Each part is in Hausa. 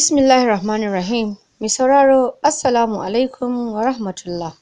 bismillahi rahmani Rahim. Mai sauraro, Assalamu alaikum wa rahmatullah.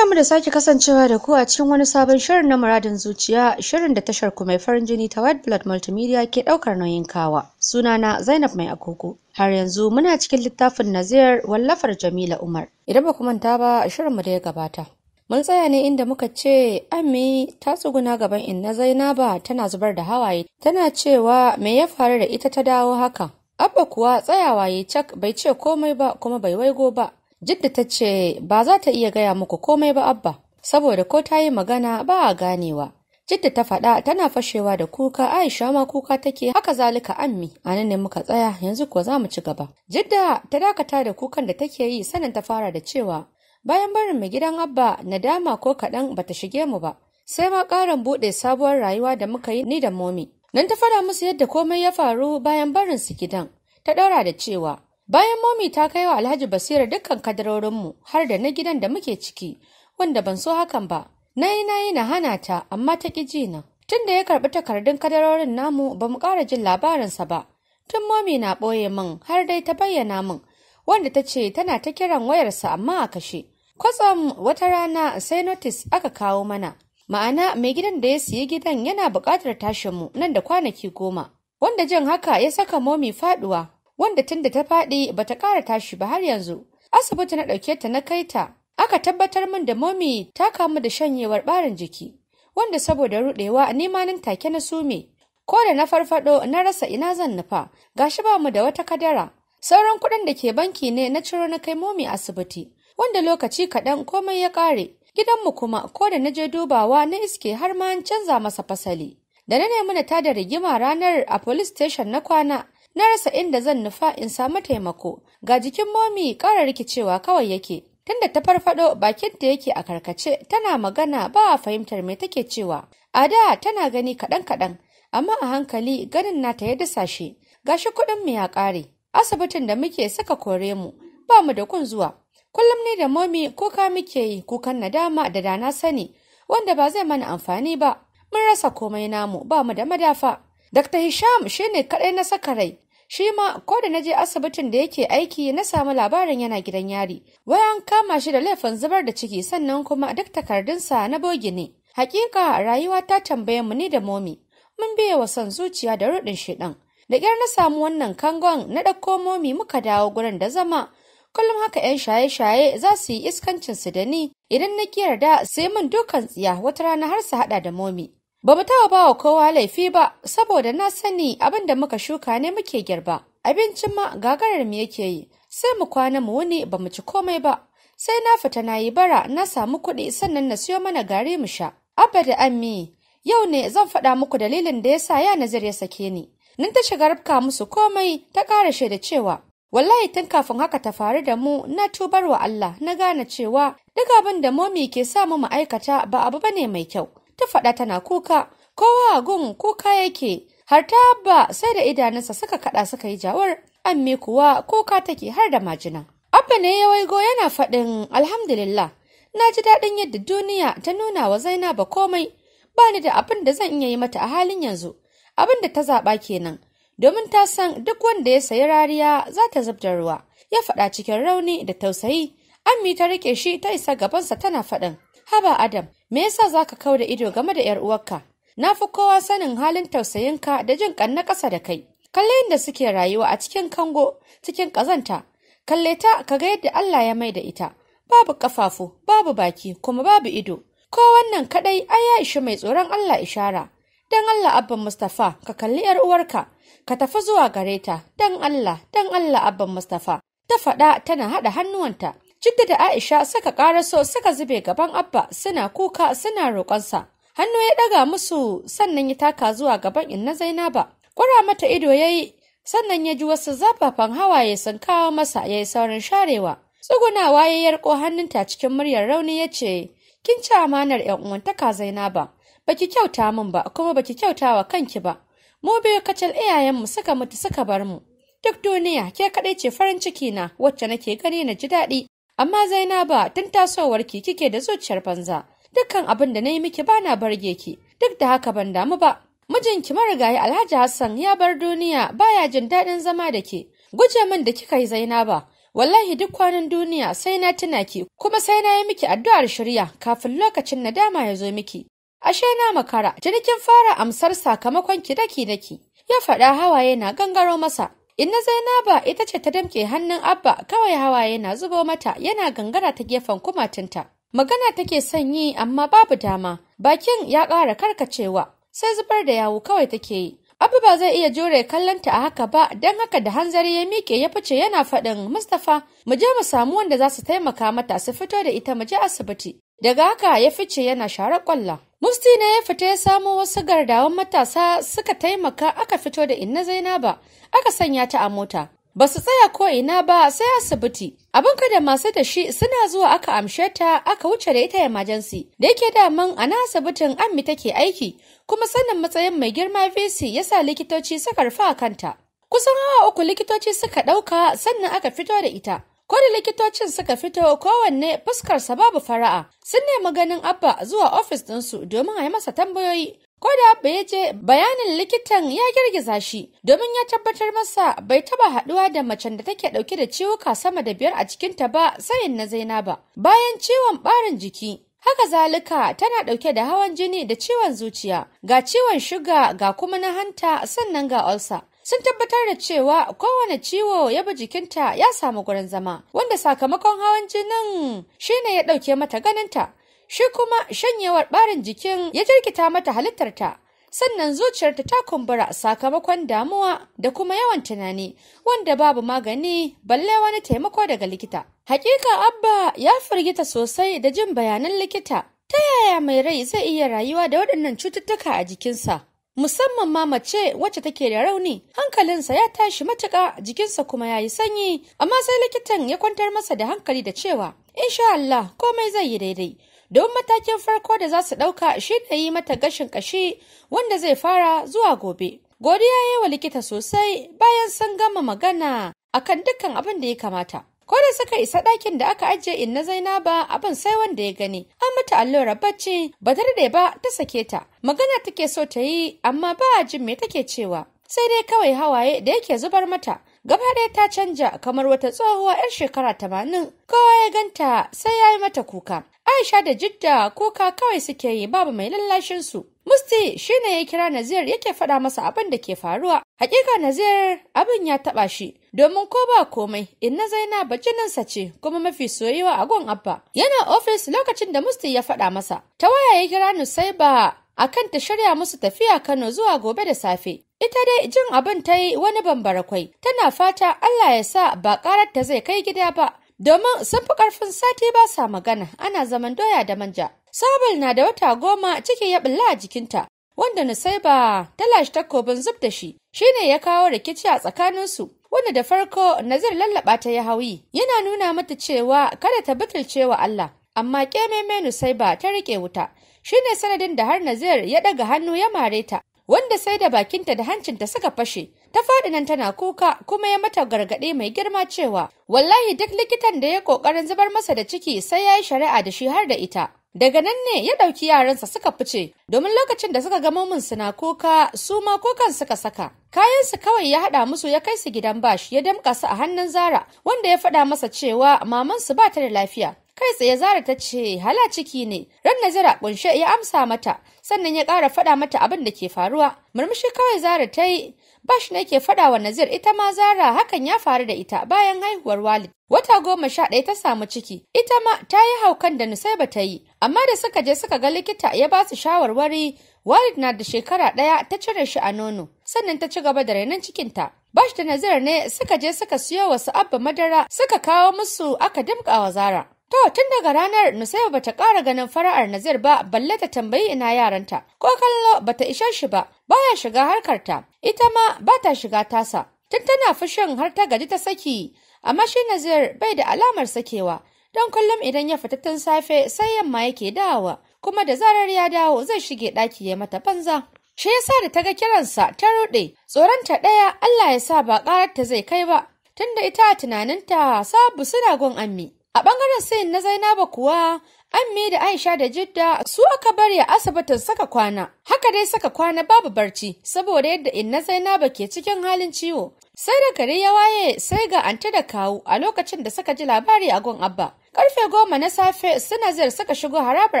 mu da sake kasancewa da ku a cikin wani sabon shirin na muradin zuciya, shirin da tashar ku mai farin jini ta White Blood Multimedia ke ɗaukar nauyin kawa. Sunana Zainab Mai Agogo. Har yanzu muna cikin littafin Nazir wallafar Jamila Umar. Idan ba ku manta ba, shirinmu da ya gabata. Mun tsaya ne inda muka ce, Ami ta tsuguna gaban inna Zainaba tana zubar da hawaye, tana cewa me ya faru da ita ta dawo haka. Abba kuwa tsayawa ya cak bai ce komai ba kuma bai waigo ba. Jidda ta ce ba za ta iya gaya muku komai ba Abba, saboda ko ta yi magana ba a ganewa. Jidda ta faɗa tana fashewa da kuka Aisha ma kuka take haka zalika ammi a nan ne muka tsaya yanzu kuwa za mu ci gaba. Jidda ta dakata da kukan da take yi sanin ta fara da cewa bayan barin mu gidan Abba nadama ko kaɗan bata shige mu ba. Sai ma ƙarin buɗe sabuwar rayuwa da muka yi ni da momi. Nan ta fara musu yadda komai ya faru bayan barin su gidan. Ta ɗaura da cewa, bayan momi ta kai wa Alhaji Basira dukkan kadarorinmu har da na gidan da muke ciki, wanda ban so hakan ba. Na yi na yi na hana ta, amma ta ƙi ji na. Tun da ya karɓi takardun kadarorin namu ba mu ƙara jin labarinsa ba. Tun momi na ɓoye min har dai ta bayyana min, wanda ta ce tana ta kiran wayarsa amma a kashe. Kwatsam wata rana sai notis aka kawo mana Ma'ana mai gidan da ya siye gidan yana buƙatar tashin mu nan da kwanaki goma. Wanda jan haka ya saka momi faduwa. wanda tun da ta faɗi bata ƙara tashi ba har yanzu. Asibiti na ɗauke ta na kai ta, aka tabbatar min da momi ta kamu da shanyewar ɓarin jiki, wanda saboda ruɗewa nan take na sume. Ko da na farfaɗo na rasa ina zan nufa, gashi ba mu da wata kadara. Sauran kuɗin da ke banki ne na ciro na kai momi asibiti, wanda lokaci kaɗan komai ya ƙare. Gidanmu kuma ko da na je dubawa na iske har ma an canza masa fasali. Da na nemi na tada rigima ranar a police station na kwana na rasa inda zan nufa in samu taimako ga jikin momi ƙara rikicewa kawai yake tunda ta farfado bakinta yake a karkace tana magana ba fahimtar me take cewa a da tana gani kaɗan kaɗan amma a hankali ganin nata ya dasa shi gashi kuɗin mu ya ƙare asibitin da muke saka kore mu ba mu da kun zuwa Kullum ni da momi kuka muke yi kukan nadama da dana sani wanda ba zai mana amfani ba. Mun rasa komai namu ba mu da madafa. Dr. Hisham shi ne kaɗai na saka rai. Shi ma ko da na je asibitin da yake aiki na samu labarin yana gidan yari. Wai an kama shi da laifin zubar da ciki sannan kuma duk takardunsa na bogi ne. Hakika rayuwa ta tambaye mu ni da momi. Mun biye wa son zuciya da ruɗin shiɗan. Da kyar na samu wannan kangon na ɗauko momi muka dawo gurin da zama kullum haka 'yan shaye-shaye za su yi iskancin su da ni idan na ƙi yarda sai mun dukan tsiya wata rana har su haɗa da momi. Ba mu taɓa ba wa kowa laifi ba saboda na sani abin da muka shuka ne muke girba. Abincin ma gagarar mu yake yi sai mu kwana mu wuni ba mu ci komai ba. Sai na fita na yi bara na samu kuɗi sannan na siyo mana gari mu sha. Abba da ammi yau ne zan faɗa muku dalilin da ya sa ya nazar ya sake ni. Nan ta shiga rafka musu komai ta ƙara da cewa wallahi tun kafin haka ta faru da mu na tubar wa Allah na gane cewa duk abin da momi ke sa mu ma'aikata ba abu ba ne mai kyau ta faɗa tana kuka kowa a gun kuka yake har ta abba sai da idanunsa suka kaɗa suka yi jawar amme kuwa kuka take har da majina abba ne ya waigo yana faɗin alhamdulillah na ji daɗin yadda duniya ta nuna wa zainaba komai bani da abin da zan iya yi mata a halin yanzu abin da ta zaɓa kenan domin ta san duk wanda ya sayi rariya za ta zubda ruwa ya faɗa cikin rauni da tausayi ammi ta rike shi ta isa gabansa tana faɗin haba adam me yasa za ka kau da ido game da yar uwarka na fi kowa sanin halin tausayinka da jin ƙan na ƙasa da kai kalle da suke rayuwa a cikin kango cikin ƙazanta kalle ta ka ga yadda Allah ya mai da ita babu ƙafafu babu baki kuma babu ido ko wannan kaɗai, ai ya ishi mai tsoron Allah ishara dan Allah abban Mustafa ka kalli yar uwarka ka tafi zuwa gare ta dan Allah dan Allah abban Mustafa ta faɗa tana haɗa hannuwanta Jidda da Aisha suka ƙaraso suka zube gaban Abba suna kuka suna roƙonsa hannu ya ɗaga musu sannan ya taka zuwa gaban inna Zainaba ƙura mata ido yayi sannan ya ji wasu zafafan hawaye sun kawo masa ya yi saurin sharewa tsugunawa ya yarko hannunta cikin muryar rauni ya ce kin ci amanar 'yan uwantaka Zainaba baki kyauta min ba kuma baki kyauta wa kanki ba mu biyu kacal iyayenmu suka mutu suka bar mu duk duniya ke kaɗai ce farin ciki na wacce nake gani na ji daɗi amma Zainaba tun tasowarki kike da zuciyar banza dukkan abin da na yi miki bana barge ki duk da haka ban damu ba mijinki marigayi Alhaji Hassan ya bar duniya baya jin daɗin zama da ke guje min da kika yi Zainaba wallahi duk kwanan duniya sai na tuna ki kuma sai na yi miki addu'ar shirya kafin lokacin nadama ya zo miki ashe na makara tuni kin fara amsar sakamakon ki daki daki ya faɗa hawaye na gangaro masa Inna Zainaba ita ce ta damke hannun Abba kawai hawaye na zubo mata yana gangara ta gefen kumatinta. Magana take son yi amma babu dama, bakin ya ƙara karkacewa, sai zubar da yawu kawai take yi. Abba ba zai iya jure kallonta a haka ba don haka da hanzari ya mike ya fice yana faɗin Mustapha mu je mu samu wanda za su taimaka mata su fito da ita mu je asibiti. daga haka ya fice yana share kwalla musti ne ya fita ya samo wasu gardawan matasa suka taimaka aka fito da inna zainaba aka sanya ta a mota ba su tsaya ko ina ba sai asibiti abin da masu da shi suna zuwa aka amshe ta aka wuce da ita emergency da yake daman a na asibitin ammi take aiki kuma sanin matsayin mai girma vc sa likitoci suka rufa kanta kusan hawa uku likitoci suka ɗauka sannan aka fito da ita Ko da likitocin suka fito kowanne fuskarsa babu fara'a, sun nemi ganin Abba zuwa ofis ɗinsu domin a yi masa tambayoyi. Ko da Abba ya je bayanin likitan ya girgiza shi domin ya tabbatar masa bai taba haɗuwa da macen da take ɗauke da ciwuka sama da biyar a cikinta ba sayin na Zainaba. Bayan ciwon ɓarin jiki, Haka zalika tana ɗauke da hawan jini da ciwon zuciya, ga ciwon shuga ga kuma na hanta sannan ga olsa. sun tabbatar da cewa kowane ciwo ya bi jikinta ya samu gurin zama wanda sakamakon hawan jinin shine ya ɗauke mata ganinta shi kuma shanyewar ɓarin jikin ya jirkita mata halittarta sannan zuciyarta ta kumbura sakamakon damuwa da kuma yawan tunani wanda babu magani balle wani taimako daga likita hakika abba ya firgita sosai da jin bayanan likita ta yaya mai rai zai iya rayuwa da waɗannan cututtuka a jikinsa musamman ma mace wacce take da rauni hankalinsa ya tashi matuƙa jikinsa kuma ya yi sanyi amma sai likitan ya kwantar masa da hankali da cewa insha Allah komai zai yi daidai don matakin farko da za su ɗauka shi ne yi mata gashin ƙashi wanda zai fara zuwa gobe godiya ya yi wa likita sosai bayan sun gama magana akan dukkan abin da ya kamata Ko da suka isa ɗakin da aka ajiye inna Zainaba abin sai wanda ya gani. An mata allura bacci ba da ba ta sake ta. Magana take so ta yi amma ba jin me take cewa. Sai dai kawai hawaye da yake zubar mata. Gaba ɗaya ta canja kamar wata tsohuwa 'yar shekara tamanin. Kowa ya ganta sai ya yi mata kuka. Aisha da Jidda kuka kawai suke yi babu mai lallashin su. Musti shine ya kira Nazir yake faɗa masa abin da ke faruwa. Hakika Nazir abin ya taɓa shi domin ko ba komai inna zaina jininsa ce kuma mafi soyuwa a gon Abba. Yana ofis lokacin da Musti ya faɗa masa. Ta waya ya kira Nusaiba akan ta shirya musu tafiya Kano zuwa gobe da safe. Ita dai jin abin ta yi wani bambara kwai, tana fata Allah ya sa ba ƙarar ta zai kai gida ba, domin sun fi ƙarfin sati ba sa magana ana zaman doya da manja. Sabul na da wata goma ciki ya bulla a jikinta wanda Nusaiba ta lashe takobin zub da shi shi ne ya kawo rikici a tsakaninsu wanda da farko Nazir lallaba ta ya hauyi yana nuna mata cewa kada ta butulce Allah amma ƙememe Nusaiba ta riƙe wuta shi ne sanadin da har Nazir ya ɗaga hannu ya mare ta wanda sai da bakinta da hancinta suka fashe ta faɗi nan tana kuka kuma ya mata gargaɗi mai girma cewa wallahi duk likitan da ya ƙoƙarin zubar masa da ciki sai ya yi shari'a da shi har da ita. Daga nan ne ya ɗauki yaransa suka fice, domin lokacin da suka gamo min suna kuka, su ma kukan suka saka. Kayansu kawai ya haɗa musu ya kai su gidan bash ya damƙa su a hannun Zara, wanda ya faɗa masa cewa mamansu ba ta da lafiya. Kai tsaye Zara ta ce hala ciki ne. Ran Nazira kunshe ya amsa mata sannan ya ƙara faɗa mata abin da ke faruwa. Murmushi kawai Zara ta yi Bash ne ke faɗa wa Nazir ita ma Zara hakan ya faru da ita bayan haihuwar Walid. Wata goma sha ɗaya ta samu ciki, ita ma ta yi haukan da ba ta yi, amma da suka je suka ga likita ya ba su shawarwari Walid na da shekara ɗaya ta cire shi a nono, sannan ta ci gaba da rainon cikinta. shi da Nazir ne suka je suka siyo wasu abba madara suka kawo musu aka dimka wa Zara. To tun daga ranar Nusaiba bata ƙara ganin fara'ar Nazir ba balle ta tambayi ina yaranta ko kallo bata ishe shi ba baya shiga harkarta ita ma bata shiga tasa tun tana fushin har ta gaji ta saki amma shi Nazir bai da alamar sakewa don kullum idan ya fita tun safe sai yamma yake dawowa kuma da zarar ya dawo zai shige ɗaki ya mata banza. Shi yasa da ta ga kiransa ta ruɗe, tsoronta ɗaya Allah ya sa ba ƙarar ta zai kai ba, tunda ita a tunaninta sabu suna gon ammi. A ɓangaren sayin na Zainaba kuwa, Amme da Aisha da Jidda su aka bari a asibitin saka kwana. Haka dai saka kwana babu barci saboda yadda inna Zainaba ke cikin halin ciwo. Sai da gari ya waye sai ga anta da kawu a lokacin da suka ji labari a gon Abba. Karfe goma na safe su Nazir suka shigo harabar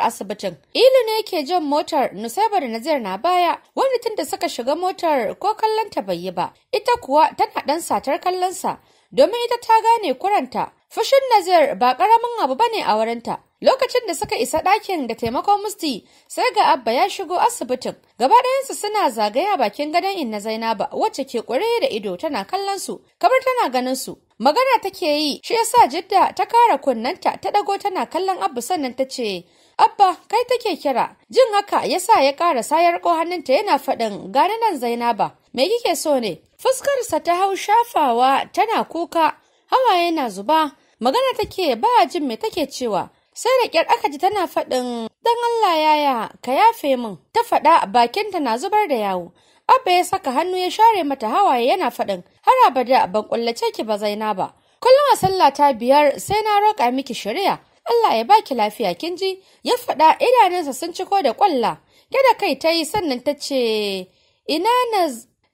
asibitin. Ilu ne ke jan motar Nusaiba da Nazir na baya wani tun da suka shiga motar ko kallon ta bai yi ba. Ita kuwa tana ɗan satar kallonsa domin ita ta gane kuranta Fushin Nazir ba ƙaramin abu bane a wurinta. Lokacin da suka isa ɗakin da taimakon musti sai ga Abba ya shigo asibitin. Gaba ɗayansu suna zagaya bakin gadon Inna Zainaba wacce ke ƙure da ido tana kallon su, kamar tana ganin su. Magana take yi, shi yasa Jidda ta kara kunnanta ta ɗago tana kallon Abba sannan ta ce, Abba, kai take kira. Jin haka yasa ya ƙara sayar ko hannunta yana faɗin gani nan Zainaba. Me kike so ne? Fuskarsa ta hau shafawa tana kuka, hawaye na zuba. magana take ba jin me take cewa sai da kyar aka ji tana faɗin dan Allah yaya ka yafe min ta faɗa bakinta na zubar da yawo abba ya saka hannu ya share mata hawaye yana faɗin har abada ban kullace ki ba zaina ba kullum a sallah ta biyar sai na roƙa miki shari'a Allah ya baki lafiya kin ji ya faɗa idanunsa sun ciko da kwalla da kai ta yi sannan ta ce ina na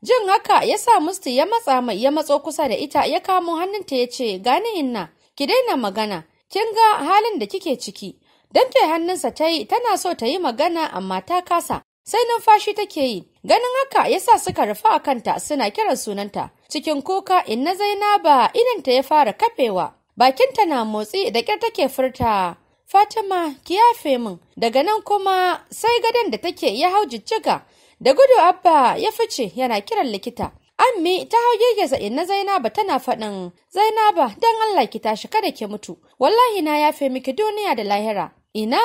jin haka yasa sa musti ya matsa mai ya matso kusa da ita ya kamo hannunta ya ce gani inna ki daina magana kin ga halin da kike ciki Don dante hannunsa ta yi tana so ta yi magana amma ta kasa sai numfashi take yi ganin haka ya sa suka rufe a kanta suna kiran sunanta cikin kuka inna zainaba ininta ya fara kafewa bakinta na motsi da ƙyar take furta fatima ki yafe min daga nan kuma sai gadon da take ya hau jijjiga da gudu abba ya fice yana kiran likita Ammi ta hau girgiza inna Zainaba tana faɗin Zainaba don Allah ki tashi kada ki mutu wallahi na yafe miki duniya da lahira Ina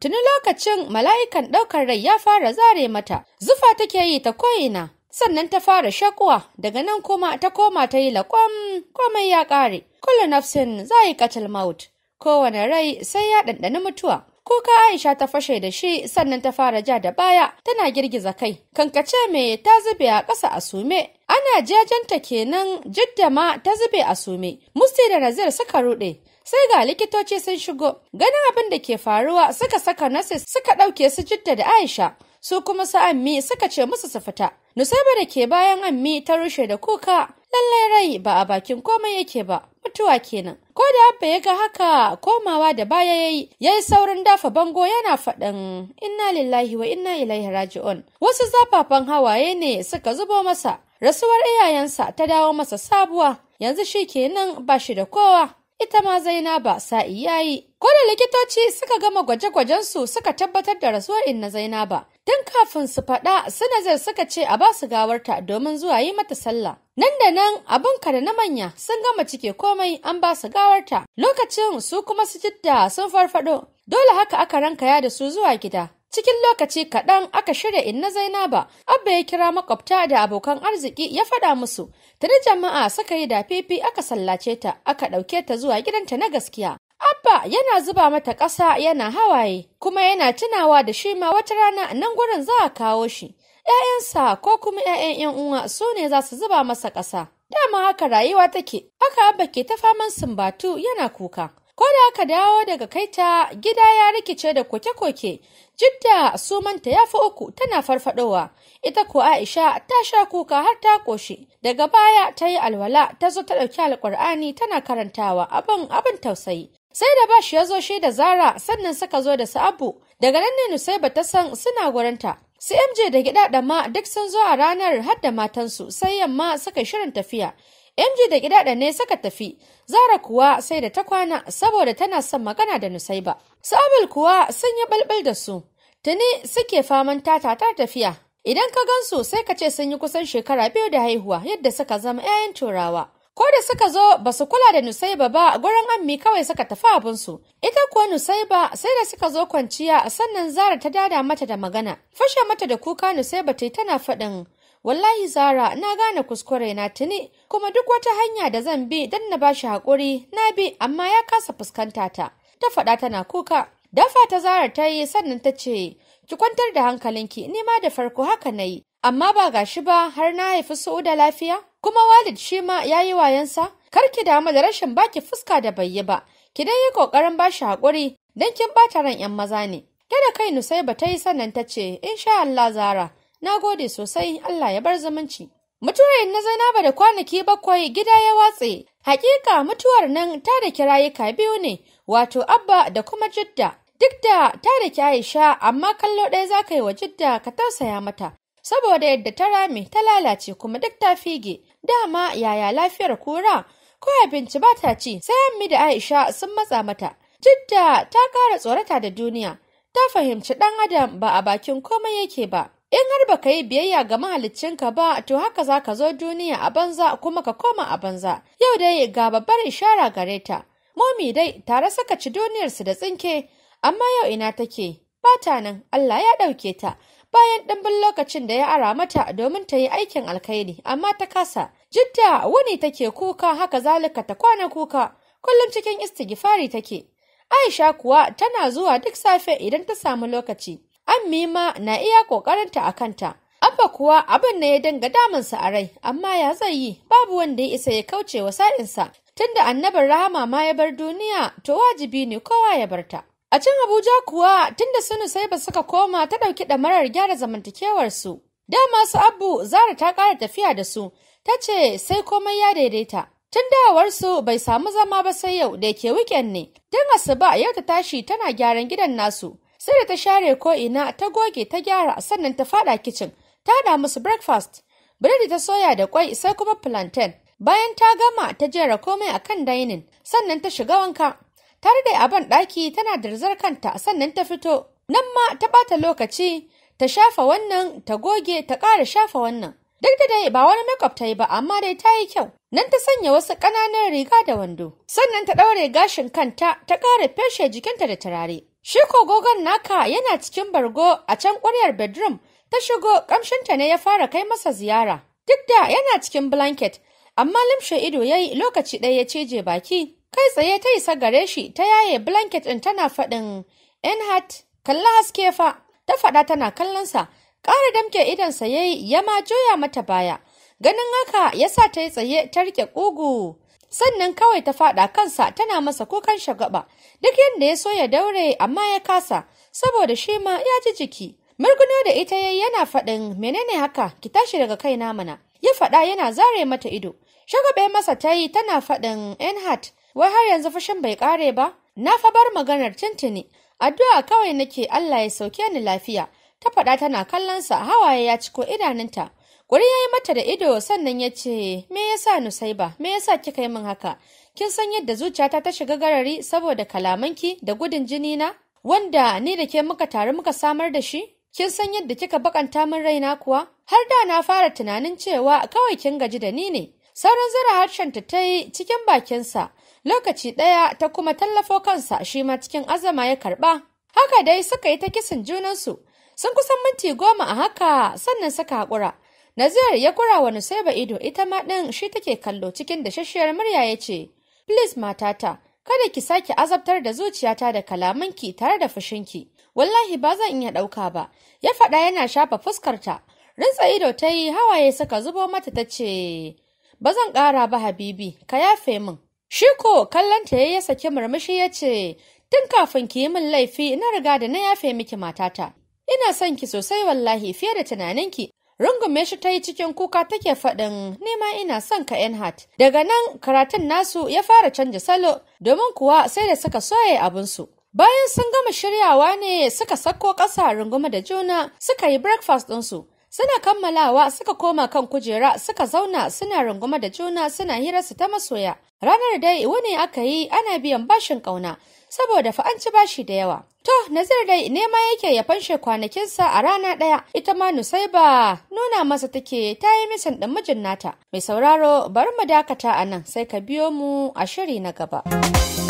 tuni lokacin mala'ikan ɗaukar rai ya fara zare mata zufa take yi ta ko'ina sannan ta fara shakuwa daga nan kuma ta koma ta yi laƙwam komai ya ƙare kullu nafsin zai kacal maut kowane rai sai ya ɗanɗani mutuwa kuka Aisha ta fashe da shi sannan ta fara ja da baya tana girgiza kai kankace me ta zube a ƙasa a sume ana jajanta kenan jidda ma ta zube a sume musti da nazir suka ruɗe sai ga likitoci sun shigo ganin abin da ke faruwa suka saka nurses suka ɗauke su jidda da Aisha su kuma su ammi suka ce musu su fita Nusaiba da ke bayan ammi ta rushe da kuka lallai rai ba a bakin komai yake ba mutuwa kenan ko da abba ya ga haka komawa da baya yayi yayi saurin dafa bango yana faɗin inna lillahi wa inna ilaihi raji'un wasu zafafan hawaye ne suka zubo masa rasuwar iyayensa ta dawo masa sabuwa yanzu shi kenan ba shi da kowa ita ma Zainaba sa'i yayi. Ko da likitoci suka gama gwaje-gwajensu suka tabbatar da rasuwar inna Zainaba. Tun kafin su faɗa, nazar suka ce a ba su gawarta domin zuwa yi mata sallah. Nan da nan abin da na manya sun gama cike komai an ba su gawarta. Lokacin su kuma su jidda sun farfaɗo? Dole haka aka rankaya da su zuwa gida. Cikin lokaci kaɗan aka shirya inna Zainaba, Abba ya kira makwabta da abokan arziki ya faɗa musu. Tuni jama'a suka yi da fifi aka sallace ta, aka ɗauke ta zuwa gidanta na gaskiya. Abba yana zuba mata ƙasa yana hawaye, kuma yana tunawa da shi ma wata rana nan gurin za a kawo shi. ‘Ya'yansa ko kuma ‘ya'yan ‘yan uwa su ne za su zuba masa ƙasa. Dama haka rayuwa take, haka Abba ke ta faman sumbatu yana kuka. Ko da aka dawo daga kaita gida ya rikice da koke-koke, jidda sumanta ya fi uku tana farfadowa, ita ko Aisha ta sha kuka har ta koshi, daga baya ta yi alwala ta zo ta ɗauki alƙur'ani tana karantawa abin abin tausayi. Sai da bashi ya zo shi da Zara sannan suka zo da Sa'abu, daga nan ne ba ta san suna gurinta. Su MJ da gida dama duk sun zo a ranar har da matansu sai yamma suka shirin tafiya. MG da gidaɗa ne suka tafi, Zara kuwa sai da ta kwana saboda tana son magana da Nusaiba. Sabul kuwa sun yi balbal da su, tuni suke faman tata ta tafiya. Idan ka gansu sai ka ce sun yi kusan shekara biyu da haihuwa yadda suka zama 'ya'yan turawa. Ko da suka zo ba su kula da Nusaiba ba gurin ammi kawai suka tafi abinsu. Ita kuwa Nusaiba sai da suka zo kwanciya sannan Zara ta dada mata da magana. Fashe mata da kuka Nusaiba ta yi tana faɗin wallahi zara na gane kuskure na tuni kuma duk wata hanya da zan bi don na bashi haƙuri na bi amma ya kasa fuskanta ta ta faɗa tana kuka dafa ta zara ta yi sannan ta ce ki kwantar da hankalinki ni ma da farko haka na yi amma ba gashi ba har na haifi Su su'uda lafiya kuma walid shi ma ya yi wayansa kar ki damu da rashin baki fuska da bai yi ba ki dai yi kokarin bashi haƙuri don kin ɓata ran 'yan maza ne. kada kai Nusaiba ta yi sannan ta ce, sha Allah Zara, Na gode sosai, Allah ya bar zamanci. Mutuwar na Zainaba da kwanaki bakwai gida ya watse. Hakika mutuwar nan ta da kirayuka biyu ne, wato Abba da kuma Jidda. Duk da ta da Aisha amma kallo ɗaya za ka yi wa Jidda ka tausaya mata. Saboda yadda ta rame ta lalace kuma duk ta fige. Dama yaya lafiyar kura? Ko abinci ba ta ci sai Ammi da Aisha sun matsa mata. Jidda ta kara tsorata da duniya. Ta fahimci ɗan adam ba a bakin komai yake ba. in har baka yi biyayya ga mahaliccinka ba to haka za ka zo duniya a banza kuma ka koma a banza yau dai ga babbar ishara gare ta momi dai tare saka ci duniyar su da tsinke amma yau ina take bata nan Allah ya ɗauke ta bayan ɗimbin lokacin da ya ara mata domin ta yi aikin alkhairi amma ta kasa jidda wani take kuka haka zalika ta kwana kuka kullum cikin istigifari take aisha kuwa tana zuwa duk safe idan ta samu lokaci Ammi ma na iya ƙoƙarinta a kanta. Abba kuwa abin na ya danga damansa a rai, amma ya zai yi, babu wanda ya isa ya kauce wa sa'insa. Tunda annabin rahama ma ya bar duniya, to wajibi ne kowa ya bar ta. A can Abuja kuwa, tunda sunu sai ba suka koma ta ɗauki ɗamarar gyara zamantakewarsu. Dama su Abu Zara ta ƙara tafiya da su, ta ce sai komai ya daidaita. Tun dawarsu bai samu zama ba sai yau da ke wiken ne, don asuba yau ta tashi tana gyaran gidan nasu, sai da ta share ko'ina ta goge ta gyara sannan ta fada kicin ta haɗa musu breakfast biredi ta soya da kwai sai kuma plantain bayan ta gama ta jera komai a kan dainin sannan ta shiga wanka tare da abin ɗaki tana darzar kanta sannan ta fito nan ma ta ɓata lokaci ta shafa wannan ta goge ta ƙara shafa wannan duk da dai ba wani makeup ta yi ba amma dai ta yi kyau nan ta sanya wasu ƙananan riga da wando sannan ta ɗaure gashin kanta ta ƙara feshe jikinta da turare Shi kogogon naka yana cikin bargo a can ƙwaryar bedroom ta shigo ƙamshinta ne ya fara kai masa ziyara. Duk da yana cikin blanket, amma limshe ido ya yi lokaci ɗaya ya ceje baki. Kai tsaye ta isa gare shi ta yaye blanket ɗin tana faɗin Enhat, kalla haske fa, ta faɗa tana kallonsa, ƙara damke idonsa ya yi ya ma juya mata baya. Ganin haka ya sa ta yi tsaye ta riƙe ƙugu sannan kawai ta faɗa kansa tana masa kukan shagaba duk yadda ya so ya daure amma ya kasa saboda shi ma ya ji jiki murguno da ita yayi yana faɗin menene haka ki tashi daga kaina mana ya faɗa yana zare mata ido shagabe masa ta yi tana faɗin enhat wai har yanzu fushin bai ƙare ba na fa bar maganar tintini addu'a kawai nake Allah ya sauke ni lafiya ta faɗa tana kallonsa hawaye ya ciko idanunta Wuri ya yi mata da ido sannan ya ce, Me ya yasa Nusaiba, me ya sa kika yi min haka? Kin san yadda zuciyata ta shiga garari saboda kalamanki da gudun jini na? Wanda ni da ke muka taru muka samar da shi? Kin san yadda kika bakanta min raina kuwa? Har da na fara tunanin cewa kawai kin gaji da ni ne. Sauran zira ta ta yi cikin bakinsa, lokaci ɗaya ta kuma tallafo kansa shi ma cikin azama ya karɓa. Haka dai suka yi ta kisan junansu, sun kusan minti goma a haka sannan suka haƙura. Nazir ya kura sai ba ido ita ma ɗin shi take kallo cikin da shashiyar murya ya ce, Please matata, kada ki sake azabtar da zuciyata da kalamanki tare da fushinki, wallahi ba zan iya ɗauka ba, ya faɗa yana shafa fuskarta. rintsa ido ta yi hawaye suka zubo mata ta ce, Ba zan ƙara ba Habibi, ka yafe min. Shiko! Kallon ta ya saki murmushi ya ce, Tun kafin ki yi min laifi na riga da na yafe miki matata. Ina son ki sosai wallahi fiye da tunaninki, rungume shi ta yi cikin kuka take faɗin nema ina son ka yan hat Daga nan karatun nasu ya fara canja salo domin kuwa sai da suka soye abinsu. Bayan sun gama shiryawa ne suka sako ƙasa rungume da juna suka yi breakfast ɗinsu. Suna kammalawa suka koma kan kujera suka zauna suna runguma da juna suna hirarsu ta masoya. Ranar dai wani aka yi ana biyan bashin ƙauna saboda fa an ci bashi da yawa. To, Nazir dai nema yake ya fanshe kwanakinsa a rana ɗaya, ita ma Nusaiba nuna masa take ta yi misan ɗin mijin nata. Mai sauraro, bari mu dakata a nan sai ka biyo mu a shiri na gaba.